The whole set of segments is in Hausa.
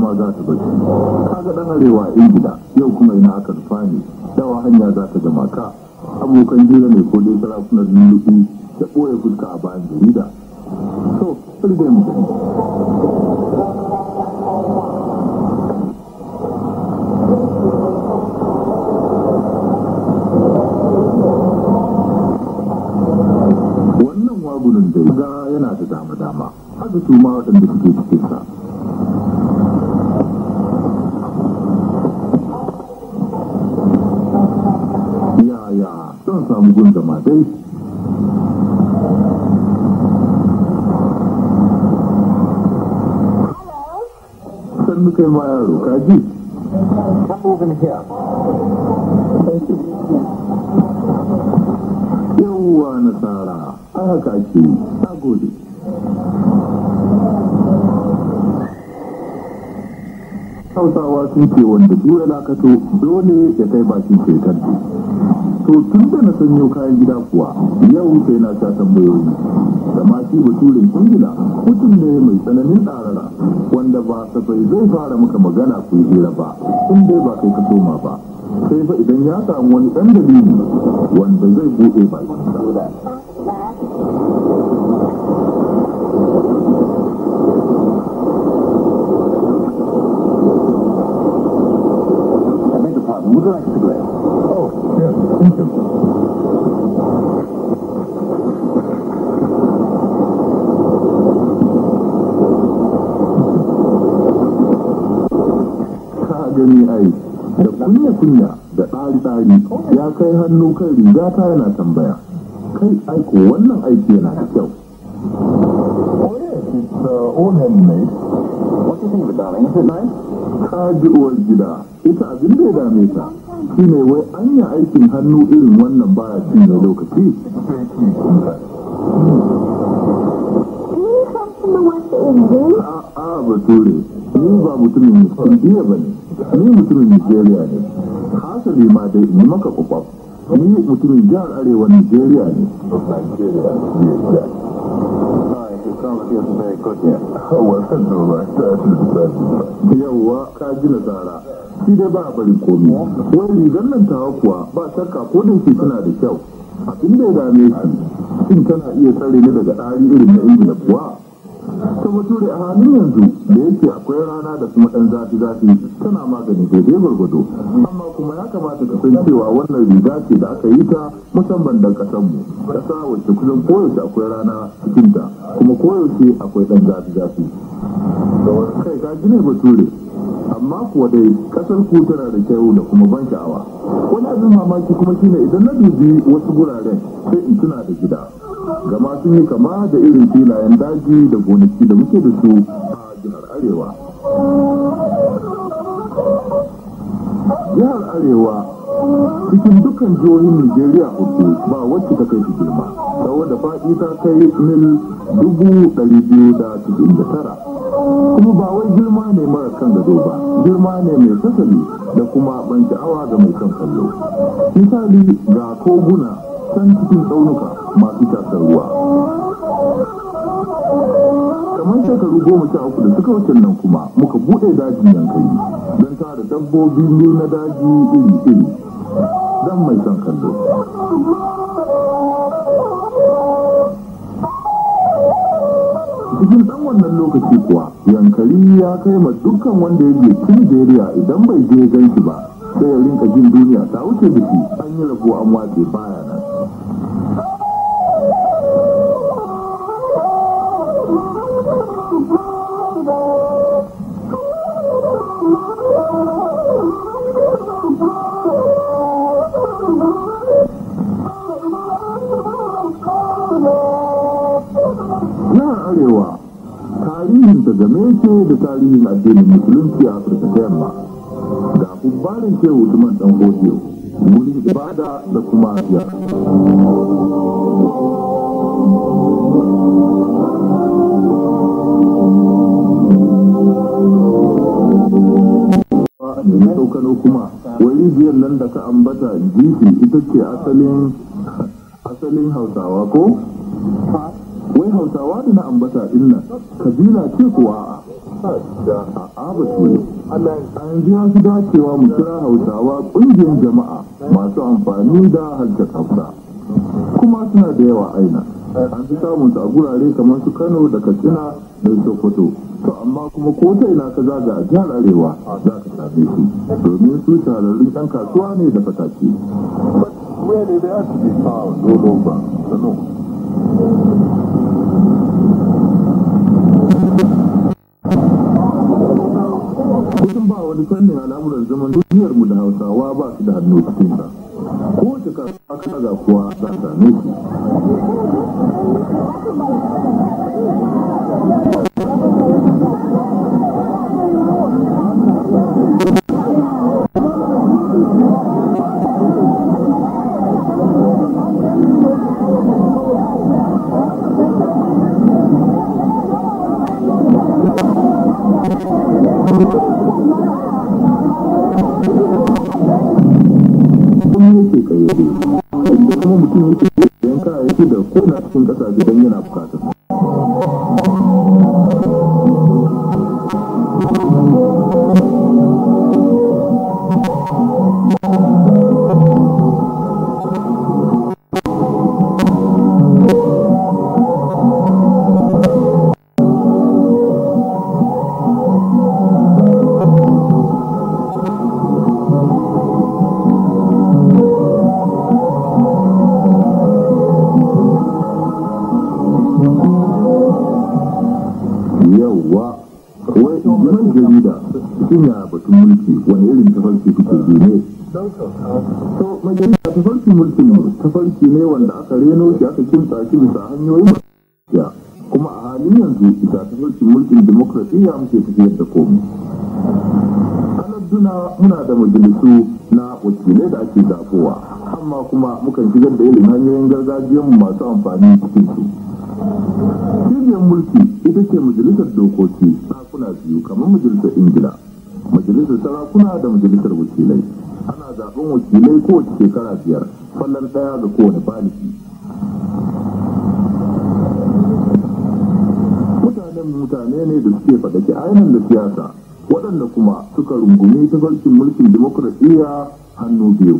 ma za ta bace kaga dan arewa a ingila. yau kuma ina aka rufa ne dawa hanya za ta zama ka abokan jira ne ko dai sarakunan lulluɓi ta ɓoye fuska a bayan jarida so ɗirgin wannan wagunan da ga yana da dama-dama haka su ma waɗanda suke cikin samu gun zama dai sannu kai ma yaro ka ji na nasara a haka ake na gode hausawa sun ce wanda duk lakato dole ya kai bakin shekar to tun da na sanyo kayan gida kuwa yau sai na sha tambayoyi da ma shi baturin ingila mutum ne mai tsananin tsarara wanda ba ta safai zai fara muka magana ku yi hira ba in dai ba kai ka soma ba sai fa idan ya samu wani ɗan dalili wanda zai buɗe bakinsa hannu kan rigata yana tambaya kai aiko wannan aiki yana da kyau uh, ka ji uwar gida ita abin da ya dame ta shi ne wai an yi aikin hannu irin wannan baya cin da lokaci a'a bature ni ba mutumin musulmiya ba ne ni mutumin nigeria ne hasali ma dai ni maka kwakwaf ni mutumin jihar arewa nigeria ne yawwa ka ji tsara, shi dai ba a bari komi wani rigar nan tawa kuwa ba shakka ko da yake tana da kyau abin da ya dame shi shin tana iya tsare ni daga ɗari irin na ingila kuwa ta bature a halin yanzu da yake akwai rana da kuma ɗan zafi zafi tana magani daidai gwargwado amma kuma ya kamata ka san cewa wannan riga ce da aka yi ta musamman don kasan mu kasa wacce kusan koyaushe akwai rana cikin ta kuma koyaushe akwai ɗan zafi zafi da wasu kai ka gine bature amma kuwa dai kasar ku tana da kyau da kuma ban sha'awa wani abin mamaki kuma shine idan na dubi wasu guraren sai in tuna da gida gama sun yi kama da irin filayen daji da gonaki da muke da su a jihar arewa jihar arewa cikin dukkan jihohin nigeria uku ba wacce ta kai su girma tsawo da faɗi ta kai mil dubu ɗari da cikin da tara kuma ba wai girma ne mara kan gado ba girma ne mai sasali da kuma ban sha'awa ga mai kan kallo misali ga koguna can cikin tsaunuka masu tasar ruwa kamar shekaru goma sha uku da suka wuce nan kuma muka buɗe dajin yankari don da dabbobi ne na daji iri-iri don mai son kallo cikin ɗan wannan lokaci kuwa yankari ya kai ma dukkan wanda ya je jeriya idan bai je ganki ba sai ya rinka jin duniya ta wuce da shi an yi rabuwa an watse baya ta game da tarihin addinin musulunci a afirka ta yamma ga kubbarin ke usman dan hodiyo wurin ibada da kuma afiya nemi ɗaukano kuma wani biyar nan da ka ambata jifi ita ce asalin hausawa ko? wai hausawa da na ambata illa kabila ce kuwa a abatu ne a yanzu ya fi dacewa mu kira hausawa ƙungiyar jama'a masu amfani da harshen hausa kuma suna da yawa aina an fi samun a gurare kamar su kano da katsina da sokoto to amma kuma ko ta ina ka zaga a jihar arewa za ka same su domin su shahararrun yan kasuwa ne da fataki Where did they have to be found wani fannin al'amuran zaman duniyar mu da hausawa ba su da hannu cikin ba ko ta kasa ga kuwa za ta same ne wanda aka reno shi aka kimta shi bisa hanyoyin ya kuma a halin yanzu bisa ta mulkin mulkin demokrasiyya muke tafiyar da komai alarduna muna da majalisu na wakilai da ake zafowa amma kuma mukan shigar da ilimin hanyoyin mu masu amfani cikin su cibiyar mulki ita ce majalisar dokoki sakuna biyu kamar majalisar ingila majalisar sarakuna da majalisar wakilai ana zaɓen wakilai kowace shekara biyar fallar daya ga kowane baliki mutanen mutane ne da suke faɗaki ainihin da siyasa waɗanda kuma suka rungumi tafarkin mulkin dimokuraɗiyya hannu biyu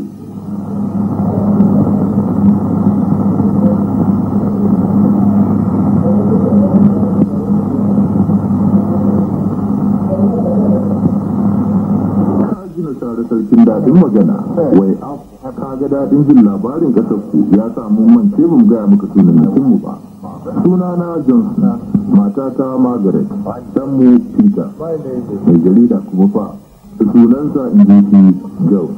daɗin magana wai ka ga daɗin jin labarin kasarku ya samu mun mance mu gaya muka sunan mutum ba suna sunana johnson matata margaret mu peter mai jarida kuma fa sunansa injiki gau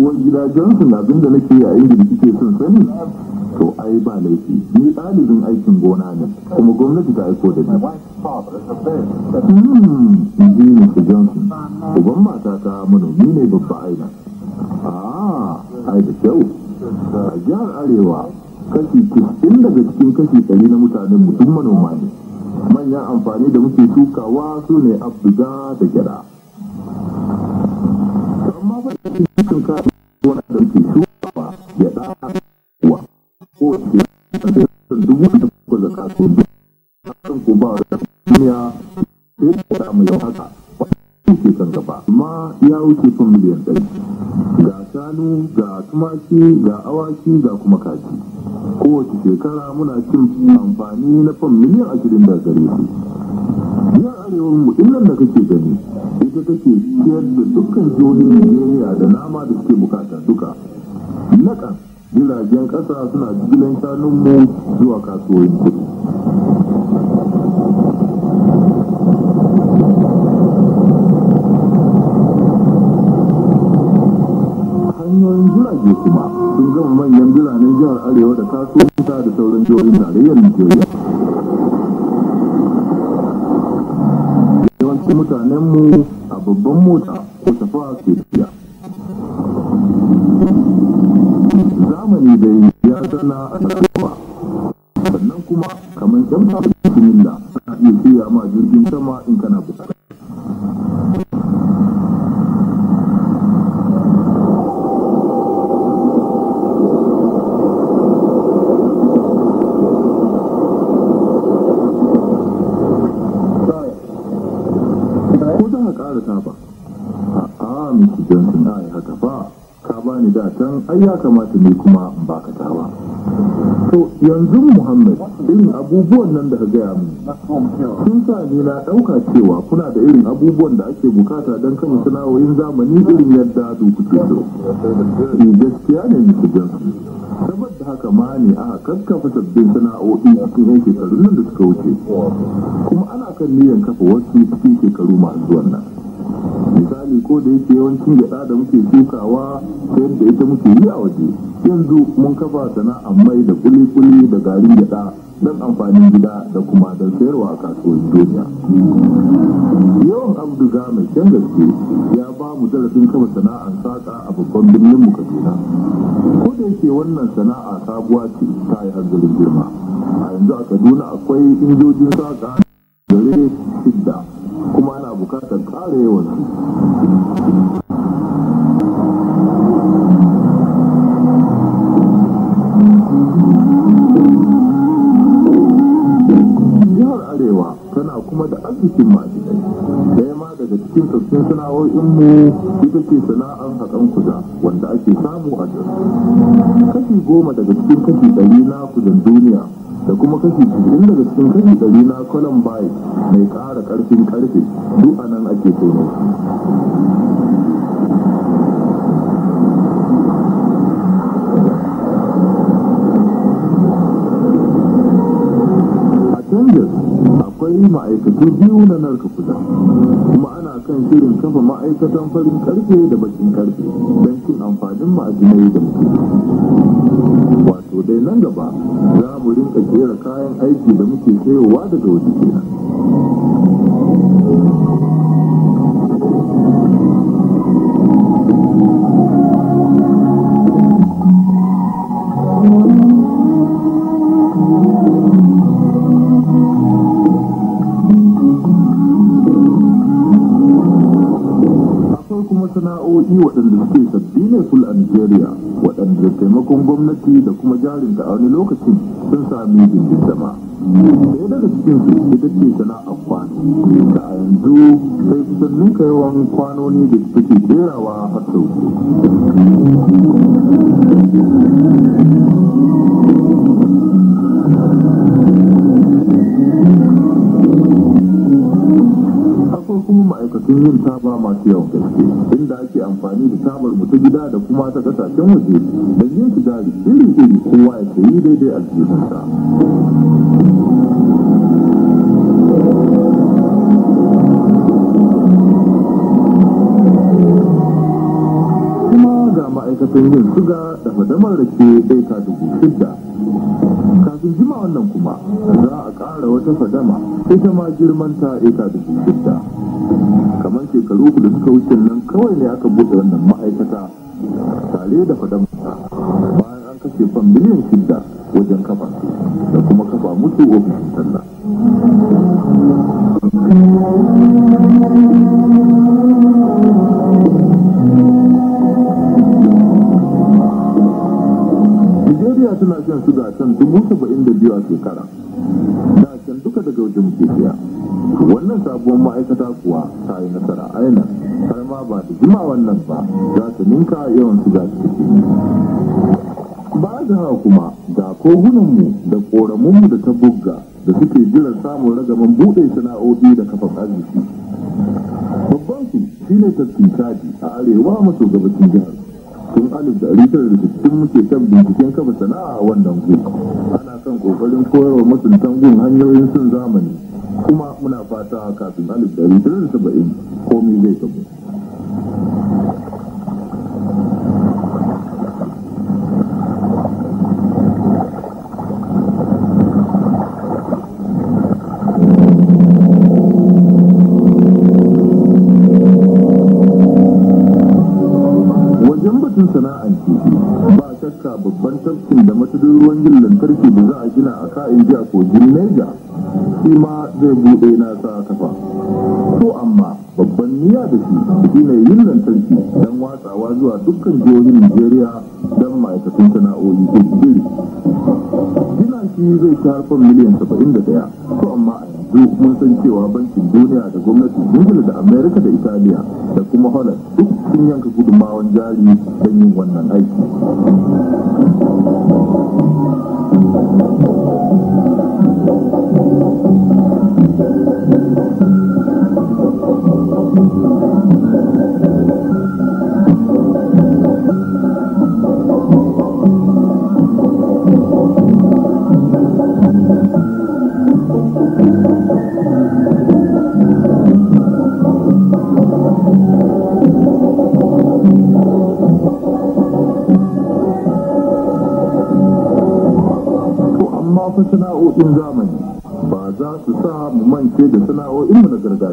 wa gida johnson abinda nake yayin da kike son sani to ai ba laifi ni ɗalibin aikin gona ne kuma gwamnati ta aiko da ni hmm, inji mr johnson uban ta manomi ne babba aina Ah, ai da kyau a jihar arewa kashi cikin daga cikin kashi ɗari na mutanen mutum manoma ne manyan amfani da muke shukawa su ne abduga da gyada amma ba da cikin kasuwa da muke shukawa. ko dubu da ko zaka ko ko ba da duniya ko da mu yau haka ke kan gaba amma ya wuce kan miliyan ɗari ga shanu ga tumaki ga awaki ga kuma kaji kowace shekara muna cin amfani na fan miliyan ashirin da gare su yan arewar mu illan da kake gani ita take ciyar da dukkan jihohin nigeria da nama da suke bukata duka na jiragen kasa suna jigilan shanunmu zuwa kasuwoyin hanyoyin jirage kuma sun gama manyan biranen jihar arewa da kasuwanta da sauran jihohin tarayyar nigeria yawancin mutanenmu a babban mota ko tafiya ke tafiya zamani da ya zana ana kuma sannan kuma kamar yan fara cikin illa ana iya tsaya ma jirgin sama in kana bukata. ba a amince jinsu na aihata ba ka bani ni da can ai ya kamata ba ka to yanzu muhammad irin abubuwan nan da ka gaya mu sun sa ni na ɗauka cewa kuna da irin abubuwan da ake bukata don kama sana'o'in zamani irin yadda duku ke so eh, gaskiya ne musu jansu saboda haka ma ne aka kakkafa sabbin sana'o'i cikin yan shekarun nan da suka wuce kuma ana kan niyan kafa wasu cikin shekaru masu wannan misali ko da yake yawancin gyaɗa da muke dukawa ta yadda ita muke yi a waje yanzu mun kafa sana'ar mai da kuli-kuli da garin gyaɗa don amfanin gida da kuma don sayarwa a kasuwar duniya yawan abduga mai kyan gaske ya ba mu zarafin kafa sana'ar saƙa a babban birnin mu kaduna ko da yake wannan sana'a sabuwa ce ta yi hanzarin girma a yanzu a kaduna akwai injojin saƙa gare shidda kuma ana bukatar kare yawan jihar arewa tana kuma da arzikin masu ɗaya ma daga cikin sassan mu ita ce sana'ar haɗan kuda wanda ake samu a can kashi goma daga cikin kashi ɗari na kudan kashi inda daga cikin kashi ɗari na bai mai ƙara ƙarfin karfe duk a nan ake tono Rangers akwai ma'aikatu biyu na narka kuda kuma ana kan shirin kafa ma'aikatan farin karfe da bakin karfe don cin amfanin ma'ajinai da mutum. gaba za mu rinka kera kayan aiki da muke sayowa daga wajen gwamnati da kuma jarinta a wani lokacin sun sami sama sai daga cikin ita ce a kwano da a yanzu sai sun ninka yawan kwanoni da suke jerawa har sau sun yin taba masu yawan gaske inda ake amfani da tabar mu gida da kuma ta kasashen waje da yin gari iri iri kowa ya sayi daidai a jihunsa. kuma ga ma'aikatan yin suga da fadamar da ke ka dubu shida kafin jima wannan kuma za a ƙara wata fadama ita ma girman ta ita dubu shida kamar shekaru uku da suka wuce nan kawai ne aka buɗe wannan ma'aikata tare da faɗan bayan an kashe fan miliyan shida wajen kafa da kuma kafa musu ofishin talla Nigeria tana shan su gasan dubu saba'in da biyu a shekara. Da duka daga wajen Nigeria. Wannan sabuwar ma'aikata kuwa ba yawan su za su ba da kuma ga kogunanmu da ƙoramunmu da ta buga da suke jiran samun ragaman buɗe sana'o'i da kafan arziki babban su shine tafkin caji a arewa maso gabashin jihar tun alif da alifar da cikin muke kan binciken kafa sana'a a wannan gu ana kan kokarin koyarwa masuntan gun hanyoyin sun zamani kuma muna fata kafin alif da alifar da saba'in komi zai tabu haka babban tafkin da matudin yin lantarki da za a gina a ka'in ji a kogin neja shi ma zai buɗe nasa kafa to amma babban niyya da shi shi ne yin lantarki don watsawa zuwa dukkan jihohin nigeria don ma'aikatan sana'o'i iri gina shi zai harfar miliyan 71 to amma duk mun san cewa bankin duniya da gwamnati ingila da amerika da italiya da kuma holland duk sun yanka gudunmawan jari don yin wannan aiki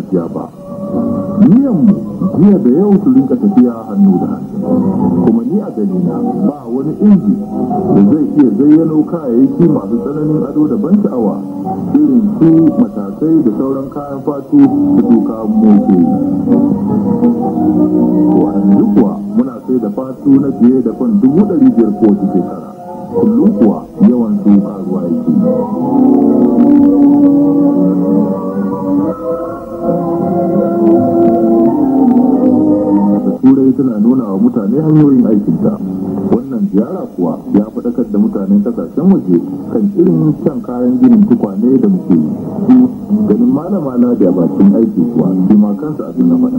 gaskiya ba niyanmu jiya da yau su rinka tafiya hannu da hannu kuma ni a gani na ba wani inji da zai iya zayyano kayayyaki masu tsananin ado da ban sha'awa irin su matakai da sauran kayan fatu da doka moke wa'anzu kuwa muna sai da fatu na fiye da kwan dubu ɗari biyar ko kowace shekara kullum kuwa yawan su karuwa yake sai suna nuna wa mutane hanyoyin aikinta wannan ziyara kuwa ya faɗakar da mutanen kasashen waje kan irin shan kayan ginin tukwane da muke yi ganin malama na da bakin aiki kuwa su ma kansa abin na faɗa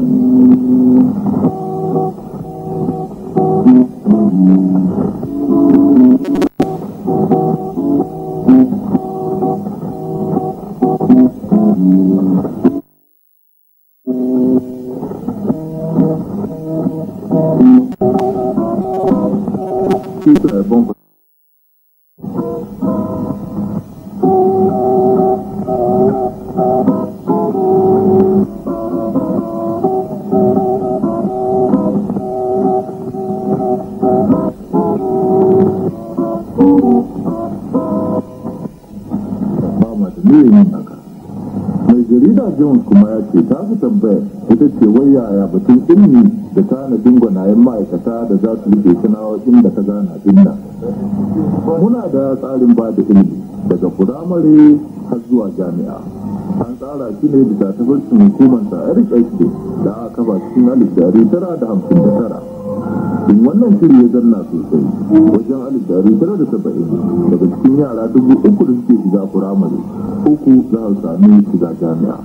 yi haka mai jarida jones kuma ya ce ta fi tambaya ita ce wai yaya batun ilmi da tanadin gwanayen ma'aikata da za su rike sanawa inda ta gana dinna muna da tsarin ba da ilmi daga firamare har zuwa jami'a an tsara shi ne bisa tafarkin hukumar a rhs da aka kafa cikin alif tara da hamsin da tara din wannan shiri ya zanna sosai wajen alif dari tara da saba'in daga cikin yara dubu uku da suke shiga firamare uku za a sami shiga jami'a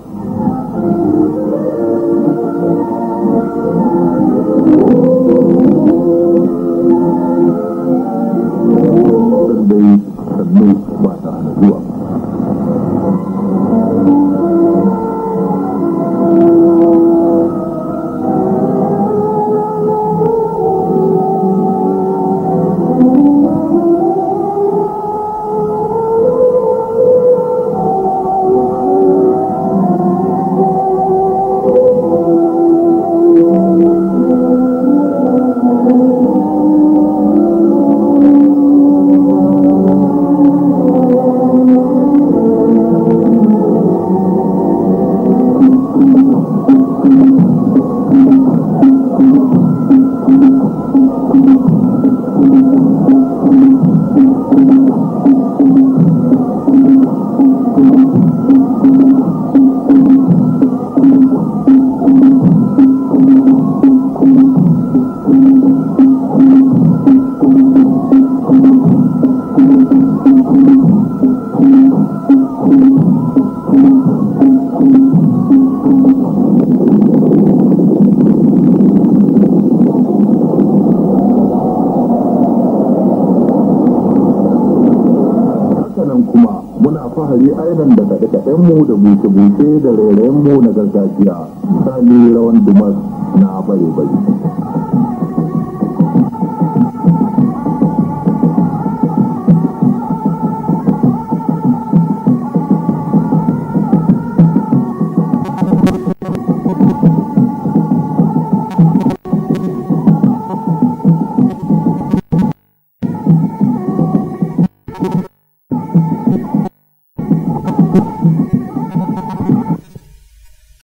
hari aidan da kaɗe mu da buce-buce da rairayen mu na gargajiya sani rawan dumar na bare-bare